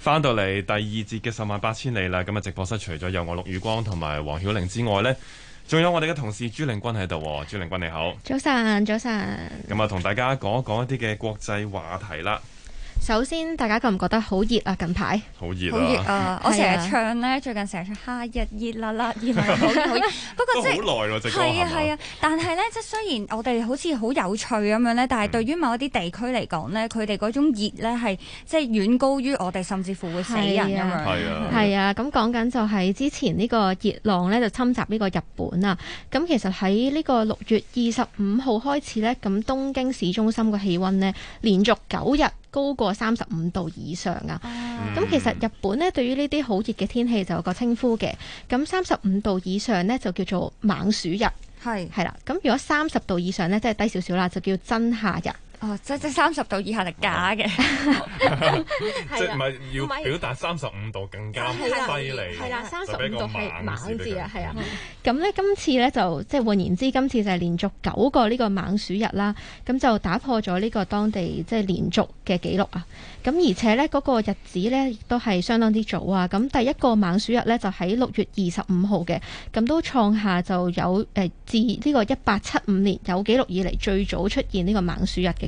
翻到嚟第二節嘅十萬八千里啦，咁啊直播室除咗有我陸宇光同埋黃曉玲之外呢，仲有我哋嘅同事朱令筠喺度，朱令筠你好，早晨，早晨，咁啊同大家講一講一啲嘅國際話題啦。首先，大家覺唔覺得熱、啊、好熱啊？近排好熱啊！我成日唱咧，最近成日唱《夏日 熱辣辣》，熱好熱。好熱好熱 不過即係好耐咯，即係係啊係啊，但係咧，即係雖然我哋好似好有趣咁樣咧，但係對於某一啲地區嚟講咧，佢哋嗰種熱咧係即係遠高於我哋，甚至乎會死人咁係 啊，係啊，咁、啊 啊、講緊就係之前呢個熱浪咧，就侵襲呢個日本啊。咁其實喺呢個六月二十五號開始咧，咁東京市中心嘅氣温咧連續九日。高過三十五度以上啊！咁、嗯、其實日本咧對於呢啲好熱嘅天氣就有個稱呼嘅。咁三十五度以上咧就叫做猛暑日，係係啦。咁如果三十度以上咧，即係低少少啦，就叫真夏日。哦，即即三十度以下係假嘅，即唔係要表達三十五度更加犀利。係啦，三十五度係猛字啊，係啊。咁咧，今次咧就即係換言之，今次就係連續九個呢個猛暑日啦。咁就打破咗呢個當地即係連續嘅記錄啊。咁而且咧嗰個日子咧亦都係相當之早啊。咁第一個猛暑日咧就喺六月二十五號嘅，咁都創下就有誒自呢個一八七五年有記錄以嚟，最早出現呢個猛暑日嘅。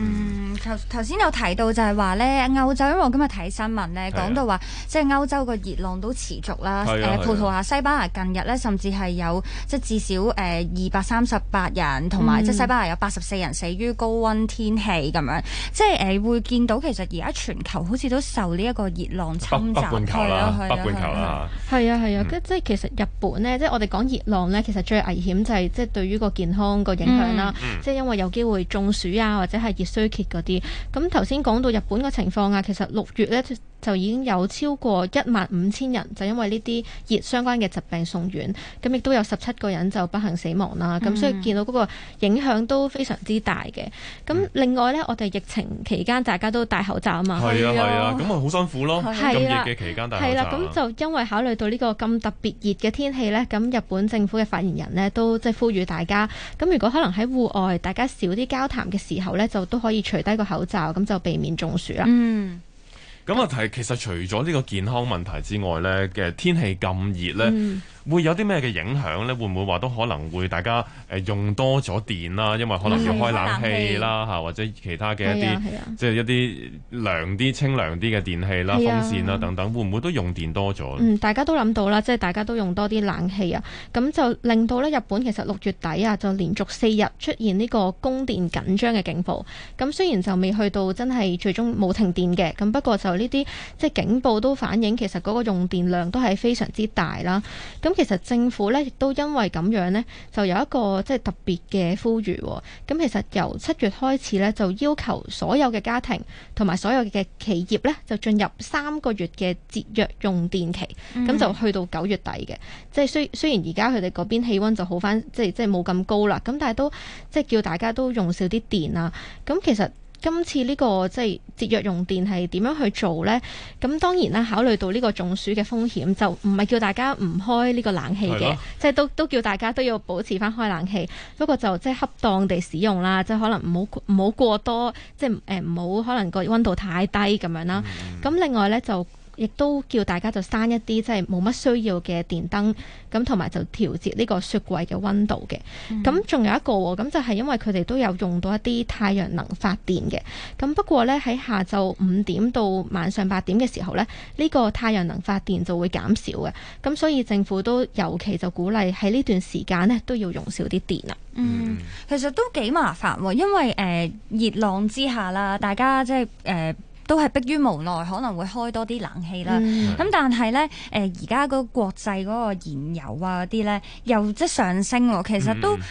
嗯，頭頭先有提到就係話咧，歐洲，因為我今日睇新聞咧，講到話，即係歐洲個熱浪都持續啦。誒，葡萄牙、西班牙近日咧，甚至係有即係至少誒二百三十八人，同埋即係西班牙有八十四人死於高溫天氣咁樣，即係誒會見到其實而家全球好似都受呢一個熱浪侵襲，北半球啦，北半球啦，係啊係啊，即係其實日本咧，即係我哋講熱浪咧，其實最危險就係即係對於個健康個影響啦。即係因為有機會中暑啊，或者係熱。衰竭嗰啲，咁頭先講到日本嘅情況啊，其實六月咧就已經有超過一萬五千人就因為呢啲熱相關嘅疾病送院，咁亦都有十七個人就不幸死亡啦。咁、嗯、所以見到嗰個影響都非常之大嘅。咁另外咧，嗯、我哋疫情期間大家都戴口罩啊嘛，係啊係啊，咁啊好、啊啊、辛苦咯。係啊，咁熱嘅期間戴口罩。係啦、啊，咁就因為考慮到呢個咁特別熱嘅天氣咧，咁日本政府嘅發言人咧都即係呼籲大家，咁如果可能喺戶外大家少啲交談嘅時候咧，就都。都可以除低個口罩，咁就避免中暑啦。嗯，咁啊提，其實除咗呢個健康問題之外呢，嘅天氣咁熱呢。嗯會有啲咩嘅影響呢？會唔會話都可能會大家誒、呃、用多咗電啦？因為可能要開冷氣啦嚇，或者其他嘅一啲、啊啊、即係一啲涼啲、清涼啲嘅電器啦、啊、風扇啦等等，會唔會都用電多咗？嗯，大家都諗到啦，即係大家都用多啲冷氣啊，咁就令到咧日本其實六月底啊就連續四日出現呢個供電緊張嘅警報。咁雖然就未去到真係最終冇停電嘅，咁不過就呢啲即係警報都反映其實嗰個用電量都係非常之大啦。咁其實政府咧亦都因為咁樣咧，就有一個即係特別嘅呼籲、哦。咁、嗯嗯、其實由七月開始咧，就要求所有嘅家庭同埋所有嘅企業咧，就進入三個月嘅節約用電期。咁就去到九月底嘅，即係雖雖然而家佢哋嗰邊氣温就好返，即係即係冇咁高啦。咁但係都即係叫大家都用少啲電啊。咁其實。今次呢個即係節約用電係點樣去做呢？咁當然啦，考慮到呢個中暑嘅風險，就唔係叫大家唔開呢個冷氣嘅，的即係都都叫大家都要保持翻開冷氣。不過就即係恰當地使用啦，即係可能唔好唔好過多，即係誒唔好可能個温度太低咁樣啦。咁、嗯、另外呢，就。亦都叫大家就閂一啲即係冇乜需要嘅電燈，咁同埋就調節呢個雪櫃嘅温度嘅。咁仲、嗯、有一個咁就係因為佢哋都有用到一啲太陽能發電嘅。咁不過呢，喺下晝五點到晚上八點嘅時候呢，呢、呢個太陽能發電就會減少嘅。咁所以政府都尤其就鼓勵喺呢段時間呢，都要用少啲電啊。嗯，其實都幾麻煩喎，因為誒、呃、熱浪之下啦，大家即係誒。呃都係迫於無奈，可能會開多啲冷氣啦。咁、嗯、但係咧，誒而家嗰個國際嗰個燃油啊啲咧，又即係上升喎。其實都誒、嗯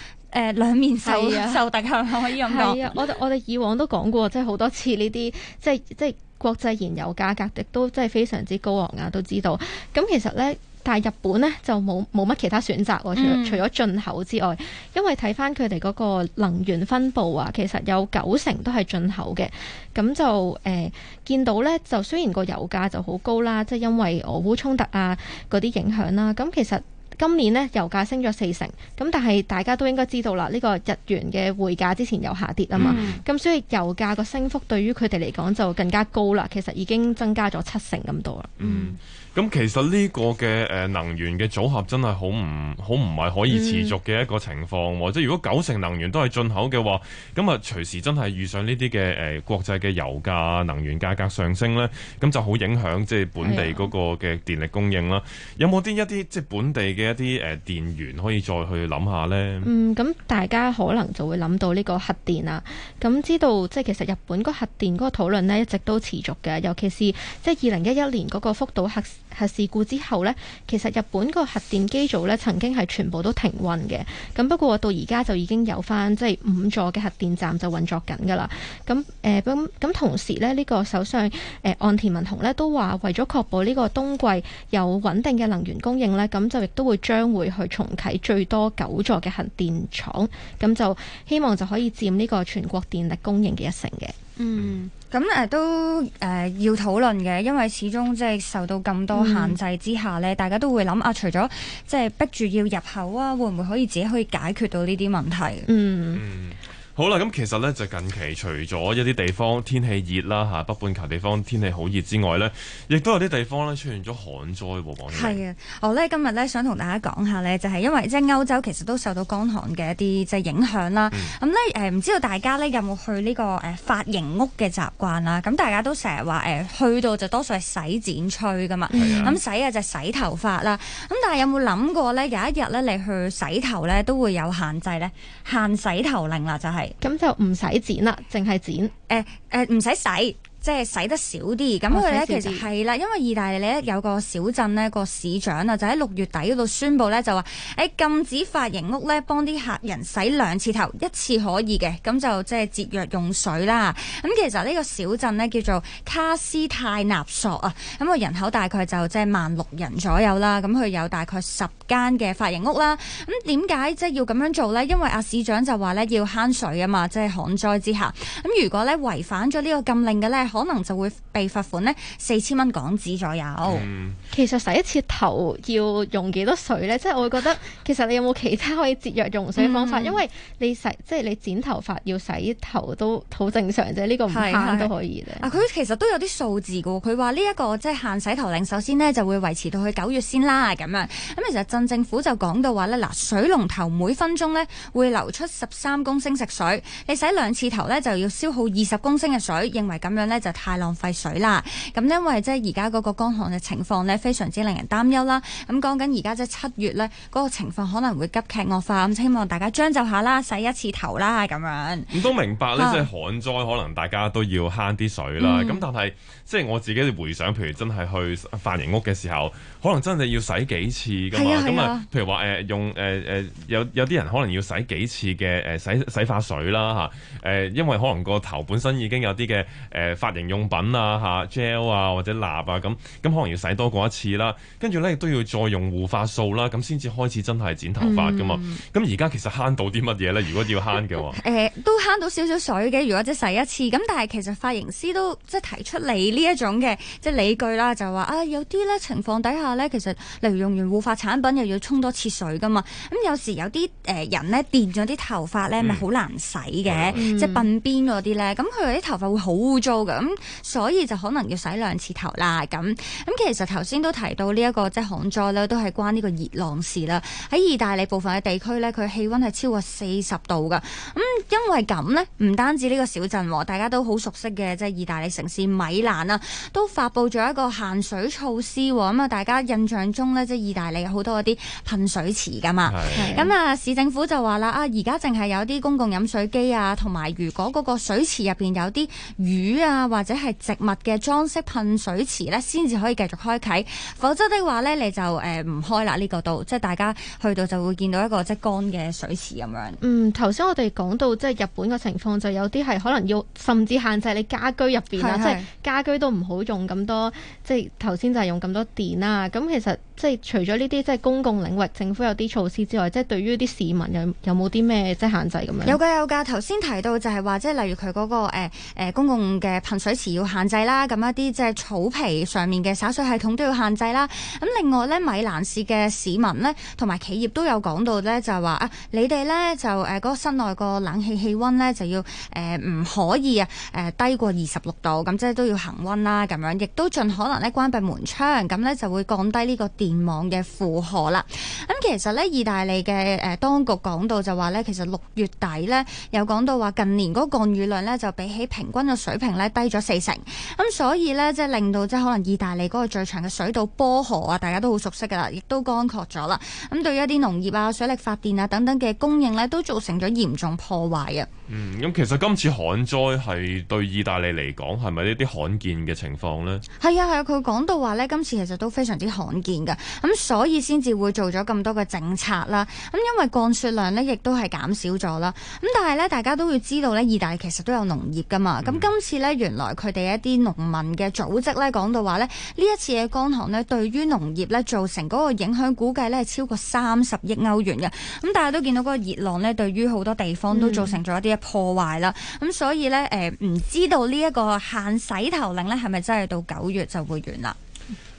呃、兩面受啊，受敵可唔可以咁講，啊？我我哋以往都講過，即係好多次呢啲，即係即係國際燃油價格亦都真係非常之高昂啊，都知道。咁其實咧。但係日本咧就冇冇乜其他選擇喎，除咗進口之外，因為睇返佢哋嗰個能源分佈啊，其實有九成都係進口嘅，咁就誒、呃、見到咧，就雖然個油價就好高啦，即係因為俄烏衝突啊嗰啲影響啦，咁其實今年咧油價升咗四成，咁但係大家都應該知道啦，呢、這個日元嘅匯價之前有下跌啊嘛，咁、嗯、所以油價個升幅對於佢哋嚟講就更加高啦，其實已經增加咗七成咁多啦。嗯。咁其實呢個嘅誒能源嘅組合真係好唔好唔係可以持續嘅一個情況，或者、嗯、如果九成能源都係進口嘅話，咁啊隨時真係遇上呢啲嘅誒國際嘅油價、能源價格上升呢，咁就好影響即係本地嗰個嘅電力供應啦。哎、呀有冇啲一啲即係本地嘅一啲誒電源可以再去諗下呢？嗯，咁大家可能就會諗到呢個核電啦。咁知道即係其實日本嗰核電嗰個討論呢一直都持續嘅，尤其是即係二零一一年嗰個福島核。核事故之後呢，其實日本個核電機組呢曾經係全部都停運嘅，咁不過到而家就已經有翻即係五座嘅核電站就運作緊嘅啦。咁誒咁同時呢，呢個首相誒、呃、岸田文雄呢都話為咗確保呢個冬季有穩定嘅能源供應呢，咁就亦都會將會去重啟最多九座嘅核電廠，咁就希望就可以佔呢個全國電力供應嘅一成嘅。嗯，咁誒、呃、都誒、呃、要討論嘅，因為始終即係受到咁多限制之下咧，嗯、大家都會諗啊，除咗即係逼住要入口啊，會唔會可以自己可以解決到呢啲問題？嗯。嗯好啦，咁其實咧就近期除咗一啲地方天氣熱啦嚇，北半球地方天氣好熱之外咧，亦都有啲地方咧出現咗旱災和洪水。係啊，我咧今日咧想同大家講下咧，就係、是、因為即係歐洲其實都受到乾旱嘅一啲即係影響啦。咁咧誒，唔、嗯、知道大家咧有冇去呢、這個誒髮型屋嘅習慣啦？咁大家都成日話誒去到就多數係洗剪吹㗎嘛。咁的、嗯、洗啊就洗頭髮啦。咁但係有冇諗過咧？有一日咧你去洗頭咧都會有限制咧，限洗頭令啦，就係、是。咁就唔使剪啦，淨係剪，誒誒、呃，唔、呃、使洗。即係使得少啲，咁佢哋咧其實係啦，因為意大利咧有個小鎮呢個市長啊，就喺六月底嗰度宣布咧就話：誒禁止髮型屋咧幫啲客人洗兩次頭，一次可以嘅，咁就即係節約用水啦。咁、嗯、其實呢個小鎮呢，叫做卡斯泰納索啊，咁個人口大概就即係萬六人左右啦。咁、啊、佢有大概十間嘅髮型屋啦。咁點解即係要咁樣做呢？因為阿、啊、市長就話咧要慳水啊嘛，即係旱災之下。咁、啊、如果咧違反咗呢個禁令嘅咧，可能就會被罰款呢，四千蚊港紙左右。嗯、其實洗一次頭要用幾多水呢？即係 我會覺得其實你有冇其他可以節約用水方法？嗯、因為你洗即係你剪頭髮要洗頭都好正常啫，呢個唔慳都可以咧。啊，佢其實都有啲數字嘅喎。佢話呢一個即係限洗頭令，首先呢就會維持到去九月先啦咁樣。咁其實鎮政府就講到話呢，嗱，水龍頭每分鐘呢會流出十三公升食水，你洗兩次頭呢就要消耗二十公升嘅水，認為咁樣呢，就太浪費水啦！咁因為即係而家嗰個乾旱嘅情況呢，非常之令人擔憂啦。咁講緊而家即係七月呢，嗰個情況可能會急劇惡化，咁希望大家將就下啦，洗一次頭啦咁樣。都明白呢，啊、即係旱災可能大家都要慳啲水啦。咁、嗯、但係。即係我自己回想，譬如真係去髮型屋嘅時候，可能真係要洗幾次噶嘛。咁啊，嗯、譬如話誒、呃、用誒誒、呃、有有啲人可能要洗幾次嘅誒、呃、洗洗髮水啦吓誒、呃、因為可能個頭本身已經有啲嘅誒髮型用品啊吓、呃、gel 啊或者蠟啊咁，咁可能要洗多過一次啦。跟住咧亦都要再用護髮素啦，咁先至開始真係剪頭髮噶嘛。咁而家其實慳到啲乜嘢咧？如果要慳嘅話誒都慳到少少水嘅。如果即洗一次咁，但係其實髮型師都即係提出你。呢一種嘅即理據啦，就話啊有啲咧情況底下咧，其實例如用完護髮產品又要沖多次水噶嘛。咁有時有啲誒、呃、人咧，電咗啲頭髮咧，咪好、嗯、難洗嘅，嗯、即鬢邊嗰啲咧。咁佢啲頭髮會好污糟嘅，咁所以就可能要洗兩次頭啦。咁咁其實頭先都提到、這個、呢一個即旱災咧，都係關呢個熱浪事啦。喺意大利部分嘅地區咧，佢氣温係超過四十度噶。咁、嗯、因為咁咧，唔單止呢個小鎮，大家都好熟悉嘅即意大利城市米蘭，都發布咗一個限水措施喎。咁啊，大家印象中呢，即係意大利好多嗰啲噴水池噶嘛。咁啊，市政府就話啦，啊而家淨係有啲公共飲水機啊，同埋如果嗰個水池入邊有啲魚啊，或者係植物嘅裝飾噴水池呢，先至可以繼續開啓。否則的話呢，你就誒唔開啦。呢個度即係大家去到就會見到一個即係乾嘅水池咁樣。嗯，頭先我哋講到即係日本嘅情況，就有啲係可能要甚至限制你家居入邊啊，即係家居。都唔好用咁多，即係頭先就係用咁多電啦、啊。咁其實。即係除咗呢啲即係公共領域政府有啲措施之外，即係對於啲市民有有冇啲咩即係限制咁樣？有噶有噶頭先提到就係話，即係例如佢嗰，那個誒誒、欸呃、公共嘅噴水池要限制啦，咁、嗯、一啲即係草皮上面嘅灑水系統都要限制啦。咁、嗯、另外咧，米蘭市嘅市民咧同埋企業都有講到咧，就係話啊，你哋咧就誒嗰，呃那個室內個冷氣氣温咧就要誒唔，呃、可以啊誒，呃、低過二十六度，咁、嗯、即係都要恒温啦咁樣，亦都盡可能咧關閉門窗，咁咧就會降低呢個電電網嘅負荷啦，咁其實咧意大利嘅誒當局講到就話咧，其實六月底咧有講到話近年嗰個降雨量咧就比起平均嘅水平咧低咗四成，咁所以咧即係令到即係可能意大利嗰個最長嘅水道波河啊，大家都好熟悉噶啦，亦都乾涸咗啦，咁對於一啲農業啊、水力發電啊等等嘅供應咧都造成咗嚴重破壞啊。嗯，咁其實今次旱災係對意大利嚟講係咪呢啲罕見嘅情況呢？係啊係啊，佢講到話咧今次其實都非常之罕見噶。咁、嗯、所以先至會做咗咁多嘅政策啦，咁因為降雪量呢，亦都係減少咗啦。咁但係呢，大家都要知道呢，意大利其實都有農業噶嘛。咁今、嗯嗯、次呢，原來佢哋一啲農民嘅組織呢，講到話呢，呢一次嘅乾旱呢，對於農業呢，造成嗰個影響，估計呢係超過三十億歐元嘅。咁大家都見到嗰個熱浪呢，對於好多地方都造成咗一啲嘅破壞啦。咁、嗯嗯、所以呢，誒、呃，唔知道呢一個限洗頭令呢，係咪真係到九月就會完啦？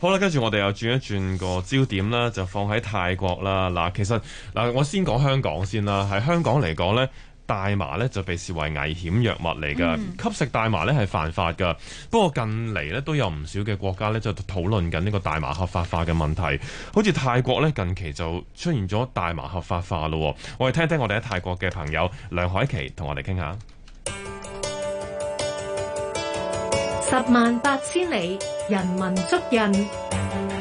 好啦，跟住我哋又轉一轉個焦點啦，就放喺泰國啦。嗱，其實嗱，我先講香港先啦。喺香港嚟講呢，大麻呢就被視為危險藥物嚟㗎，吸食大麻呢係犯法㗎。不過近嚟呢，都有唔少嘅國家呢就討論緊呢個大麻合法化嘅問題。好似泰國呢，近期就出現咗大麻合法化咯。我哋聽一聽我哋喺泰國嘅朋友梁凱琪同我哋傾下。十萬八千里，人民足印。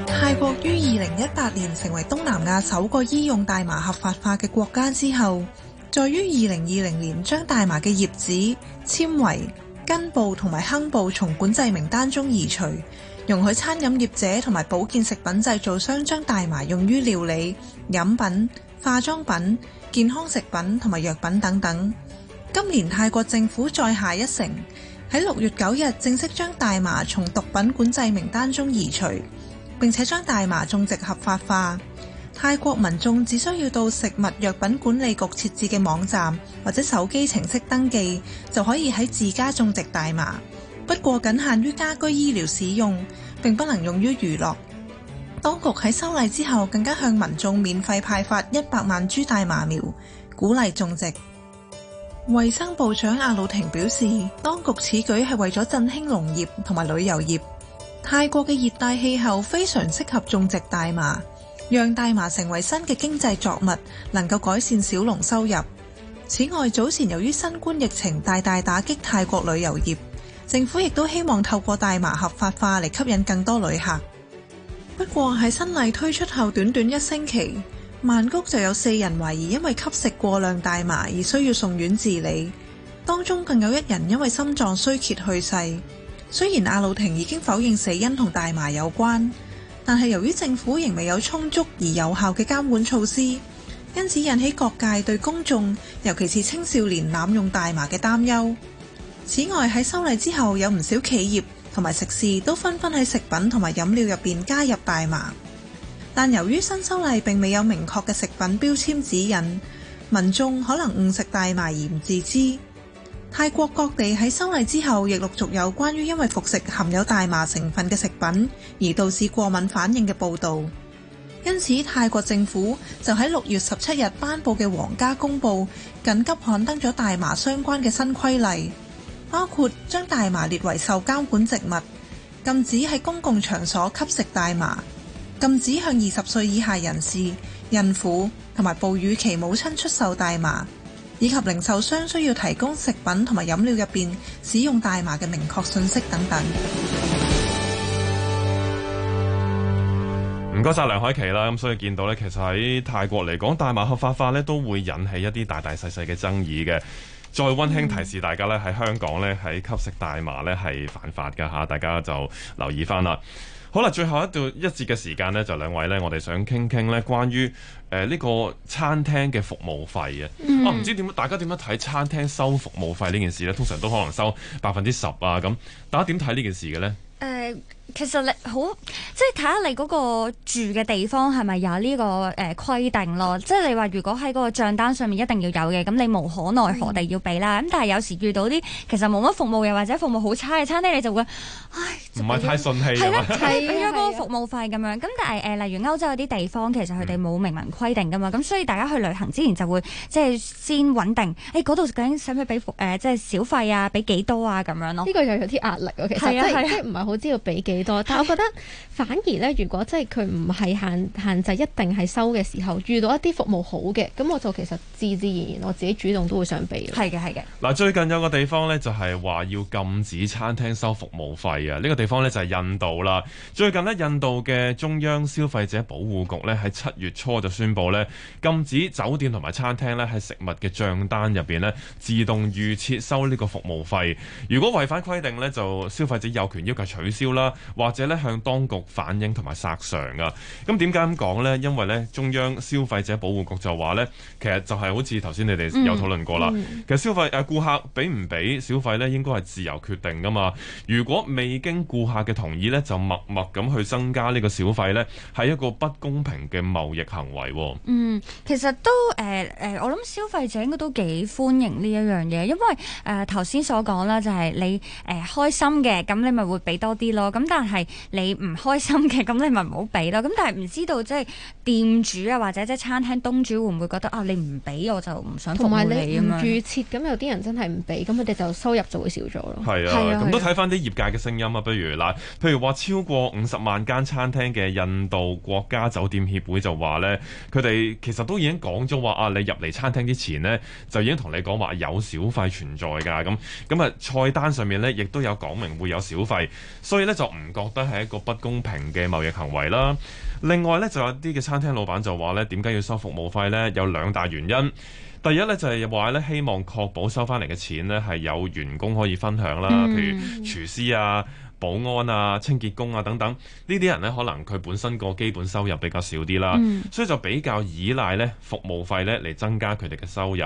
泰國於二零一八年成為東南亞首個醫用大麻合法化嘅國家之後，在於二零二零年將大麻嘅葉子、纖維、根部同埋莖部從管制名單中移除，容許餐飲業者同埋保健食品製造商將大麻用於料理、飲品、化妝品、健康食品同埋藥品等等。今年泰國政府再下一城。喺六月九日正式將大麻從毒品管制名單中移除，並且將大麻種植合法化。泰國民眾只需要到食物藥品管理局設置嘅網站或者手機程式登記，就可以喺自家種植大麻。不過僅限於家居醫療使用，並不能用於娛樂。當局喺修例之後，更加向民眾免費派發一百萬株大麻苗，鼓勵種植。衛生部長阿魯廷表示，當局此舉係為咗振興農業同埋旅遊業。泰國嘅熱帶氣候非常適合種植大麻，讓大麻成為新嘅經濟作物，能夠改善小農收入。此外，早前由於新冠疫情大大打擊泰國旅遊業，政府亦都希望透過大麻合法化嚟，吸引更多旅客。不過喺新例推出後短短一星期，曼谷就有四人懷疑因為吸食過量大麻而需要送院治理，當中更有一人因為心臟衰竭去世。雖然阿路廷已經否認死因同大麻有關，但係由於政府仍未有充足而有效嘅監管措施，因此引起各界對公眾，尤其是青少年濫用大麻嘅擔憂。此外喺修例之後，有唔少企業同埋食肆，都紛紛喺食品同埋飲料入面加入大麻。但由於新修例並未有明確嘅食品標籤指引，民眾可能誤食大麻而唔自知。泰國各地喺修例之後，亦陸續有關於因為服食含有大麻成分嘅食品而導致過敏反應嘅報道。因此，泰國政府就喺六月十七日頒布嘅皇家公報，緊急刊登咗大麻相關嘅新規例，包括將大麻列為受監管植物，禁止喺公共場所吸食大麻。禁止向二十歲以下人士、孕婦同埋哺乳期母親出售大麻，以及零售商需要提供食品同埋飲料入邊使用大麻嘅明確信息等等。唔該晒梁凱琪啦，咁所以見到呢，其實喺泰國嚟講，大麻合法化呢都會引起一啲大大細細嘅爭議嘅。再溫馨提示大家呢，喺香港呢，喺吸食大麻呢係犯法嘅吓，大家就留意翻啦。好啦，最後一段一節嘅時間呢，就兩位呢，我哋想傾傾呢關於誒呢、呃呢個餐廳嘅服務費嘅、啊，我唔、mm. 啊、知點，大家點樣睇餐廳收服務費呢件事呢，通常都可能收百分之十啊，咁大家點睇呢件事嘅呢？Uh. 其實你好，即係睇下你嗰個住嘅地方係咪有呢個誒規定咯？即係你話如果喺嗰個賬單上面一定要有嘅，咁你無可奈何地要俾啦。咁但係有時遇到啲其實冇乜服務又或者服務好差嘅餐廳，你就會，唉，唔係太順氣。係咯，係咯，俾嗰個服務費咁樣。咁但係誒，例如歐洲有啲地方，其實佢哋冇明文規定噶嘛。咁所以大家去旅行之前就會即係先穩定，誒，嗰度究竟使唔使俾，誒即係小費啊？俾幾多啊？咁樣咯。呢個又有啲壓力喎，其實係即唔係好知道俾幾。幾多？但我覺得 反而咧，如果即係佢唔係限限制，一定係收嘅時候，遇到一啲服務好嘅，咁我就其實自自然然，我自己主動都會想俾。係嘅，係嘅。嗱，最近有個地方咧就係話要禁止餐廳收服務費啊！呢個地方咧就係印度啦。最近呢，印度嘅中央消費者保護局咧喺七月初就宣布咧禁止酒店同埋餐廳咧喺食物嘅賬單入邊咧自動預設收呢個服務費，如果違反規定咧，就消費者有權要求取消啦。或者咧向當局反映同埋索償噶，咁點解咁講呢？因為咧中央消費者保護局就話呢，其實就係好似頭先你哋有討論過啦。嗯嗯、其實消費誒顧客俾唔俾小費咧，應該係自由決定噶嘛。如果未經顧客嘅同意呢，就默默咁去增加呢個小費呢，係一個不公平嘅貿易行為。嗯，其實都誒誒、呃，我諗消費者應該都幾歡迎呢一樣嘢，因為誒頭先所講啦、就是，就係你誒、呃、開心嘅，咁你咪會俾多啲咯。咁但但係你唔開心嘅，咁你咪唔好俾咯。咁但係唔知道即係店主啊，或者即係餐廳東主會唔會覺得啊？你唔俾我就唔想服務你同埋你唔、啊、預設咁，有啲人真係唔俾，咁佢哋就收入就會少咗咯。係啊，咁、啊啊、都睇翻啲業界嘅聲音啊。不如嗱，譬如話超過五十萬間餐廳嘅印度國家酒店協會就話咧，佢哋其實都已經講咗話啊，你入嚟餐廳之前呢，就已經同你講話有小費存在噶。咁咁啊，菜單上面咧亦都有講明會有小費，所以咧就唔覺得係一個不公平嘅貿易行為啦。另外呢，就有啲嘅餐廳老闆就話呢，點解要收服務費呢？有兩大原因。第一呢，就係話呢，希望確保收翻嚟嘅錢呢係有員工可以分享啦，譬如廚師啊、保安啊、清潔工啊等等呢啲人呢，可能佢本身個基本收入比較少啲啦，所以就比較依賴呢服務費呢嚟增加佢哋嘅收入。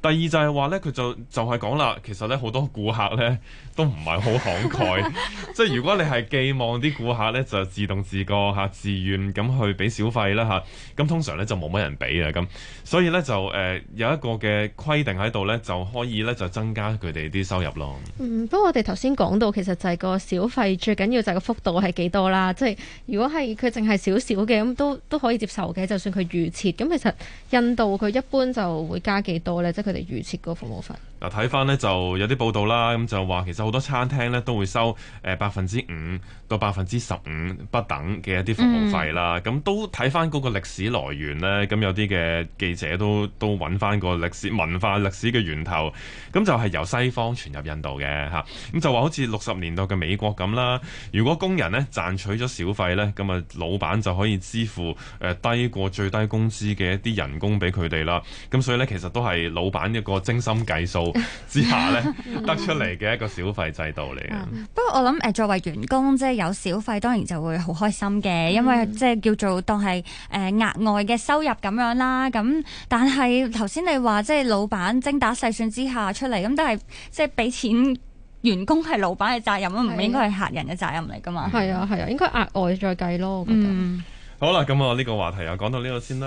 第二就係話咧，佢就就係講啦，其實咧好多顧客咧都唔係好慷慨， 即係如果你係寄望啲顧客咧就自動自覺嚇、啊、自願咁去俾小費啦嚇，咁、啊啊、通常咧就冇乜人俾啦咁，所以咧就誒、呃、有一個嘅規定喺度咧，就可以咧就增加佢哋啲收入咯。嗯，不過我哋頭先講到其實就係個小費最緊要就係個幅度係幾多啦，即、就、係、是、如果係佢淨係少少嘅咁都都可以接受嘅，就算佢預設咁，其實印度佢一般就會加幾多咧？即佢哋預設個服務費嗱，睇翻呢就有啲報道啦，咁就話其實好多餐廳呢都會收誒百分之五到百分之十五不等嘅一啲服務費啦。咁、嗯、都睇翻嗰個歷史來源呢。咁有啲嘅記者都都揾翻個歷史文化歷史嘅源頭，咁就係由西方傳入印度嘅嚇。咁就話好似六十年代嘅美國咁啦，如果工人呢賺取咗小費呢，咁啊，老闆就可以支付誒低過最低工資嘅一啲人工俾佢哋啦。咁所以呢，其實都係老闆。一個精心計數之下咧， 得出嚟嘅一個小費制度嚟嘅。 嗯、不過我諗誒、呃、作為員工即係有小費當然就會好開心嘅，因為即係叫做當係誒額外嘅收入咁樣啦。咁但係頭先你話即係老闆精打細算之下出嚟，咁都係即係俾錢員工係老闆嘅責任，責任啊，唔應該係客人嘅責任嚟㗎嘛。係啊係啊，啊啊應該額外再計咯。嗯嗯、我覺得。好啦，咁我呢個話題啊講到呢度先啦。